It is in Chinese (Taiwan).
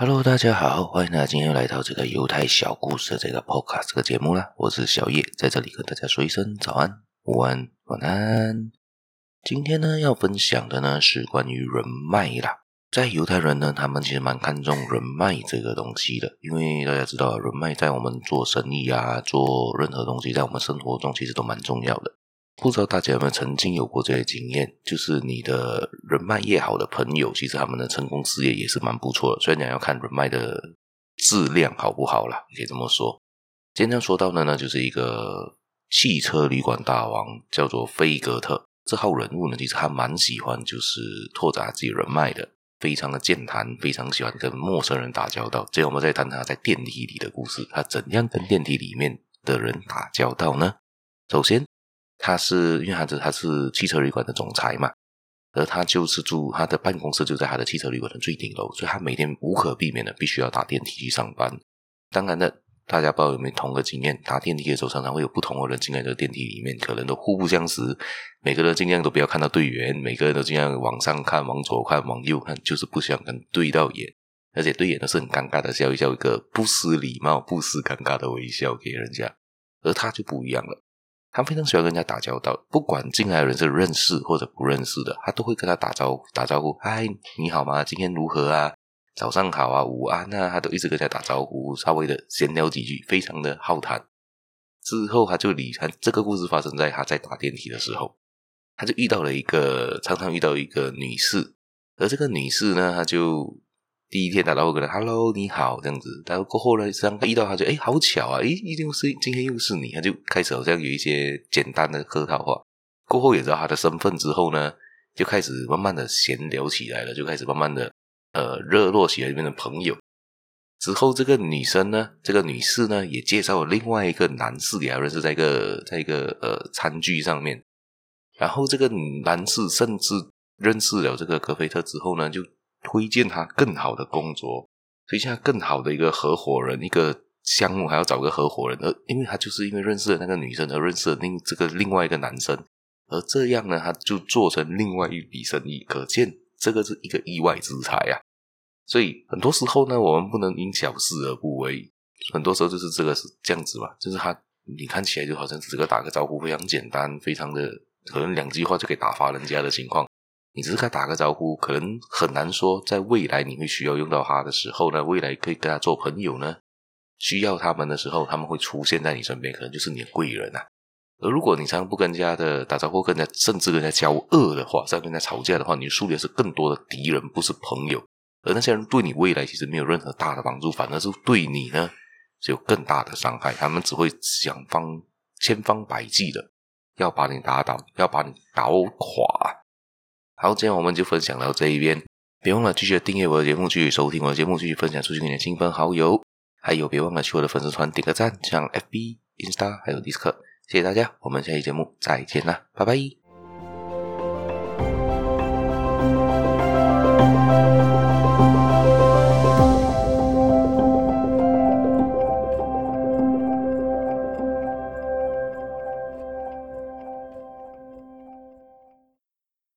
哈嘍，大家好，歡迎大家今天又來到這個猶太小故事的這個 Podcast 這個節目啦，我是小葉，在這裡跟大家說一聲早安、午安、晚安。今天呢，要分享的呢是關於人脈啦。在猶太人呢，他們其實蠻看重人脈這個東西的，因為大家知道啊，人脈在我們做生意啊，做任何東西，在我們生活中其實都蠻重要的。不知道大家有沒有曾經有過這些經驗？就是你的人脈越好的朋友，其實他們的成功事業也是蠻不錯的。所以你要看人脈的質量好不好啦，可以這麼說。今天說到的呢，就是一個汽車旅館大王，叫做菲格特。這號人物呢，其實他蠻喜歡就是拓展自己人脈的，非常的健談，非常喜歡跟陌生人打交道。這樣我們再談談他在電梯裡的故事，他怎樣跟電梯裡面的人打交道呢？首先。他是因為他是他是汽車旅館的總裁嘛，而他就是住他的辦公室就在他的汽車旅館的最頂樓，所以他每天無可避免的必須要搭電梯去上班。當然了，大家不知道有沒有同個經驗，搭電梯的時候常常會有不同的人進來這個電梯裡面，可能都互不相識，每個人都盡量都不要看到對眼，每個人都盡量往上看、往左看、往右看，就是不想跟對到眼，而且對眼都是很尷尬的笑一笑，一個不失禮貌、不失尷尬的微笑給人家，而他就不一樣了。他非常喜歡跟人家打交道，不管進來的人是認識或者不認識的，他都會跟他打招呼，打招呼，嗨，你好嗎？今天如何啊？早上好啊，午安啊，他都一直跟人家打招呼，稍微的閒聊幾句，非常的好談。之後他就離開，這個故事發生在他在打電梯的時候，他就遇到了一個，常常遇到一個女士，而這個女士呢，她就。第一天打招呼跟他 Hello 你好”這樣子，然後過後呢，這樣遇到他就哎，好巧啊！哎，一定又是今天又是你，他就開始好像有一些簡單的客套話。過後也知道他的身份之後呢，就開始慢慢的閒聊起來了，就開始慢慢的呃熱絡起來，變成朋友。之後這個女生呢，這個女士呢，也介紹了另外一個男士給她認識在一個，在一個在一個呃餐具上面。然後這個男士甚至認識了這個格菲特之後呢，就。推薦他更好的工作，推薦他更好的一個合夥人，一個項目還要找個合夥人，而因為他就是因為認識了那個女生，而認識了另這個另外一個男生，而這樣呢，他就做成另外一筆生意，可見這個是一個意外之財啊。所以很多時候呢，我們不能因小事而不為，很多時候就是這個是這樣子嘛，就是他你看起來就好像只是這個打個招呼，非常簡單，非常的可能兩句話就可以打發人家的情況。你只是跟他打個招呼，可能很難說，在未來你會需要用到他的時候呢？未來可以跟他做朋友呢？需要他們的時候，他們會出現在你身邊，可能就是你的貴人啊。而如果你常常不跟人家的打招呼，跟人家甚至跟人家交惡的話，在跟人家吵架的話，你樹立的是更多的敵人，不是朋友。而那些人對你未來其實沒有任何大的幫助，反而是對你呢，是有更大的傷害。他們只會想方千方百計的要把你打倒，要把你打垮。好，今天我們就分享到這一邊。別忘了繼續訂閱我的節目，繼續收聽我的節目，繼續分享出去給你的親朋好友。還有，別忘了去我的粉絲團點個讚，像 FB、Insta 還有 Discord。謝謝大家，我們下期節目再見啦，拜拜。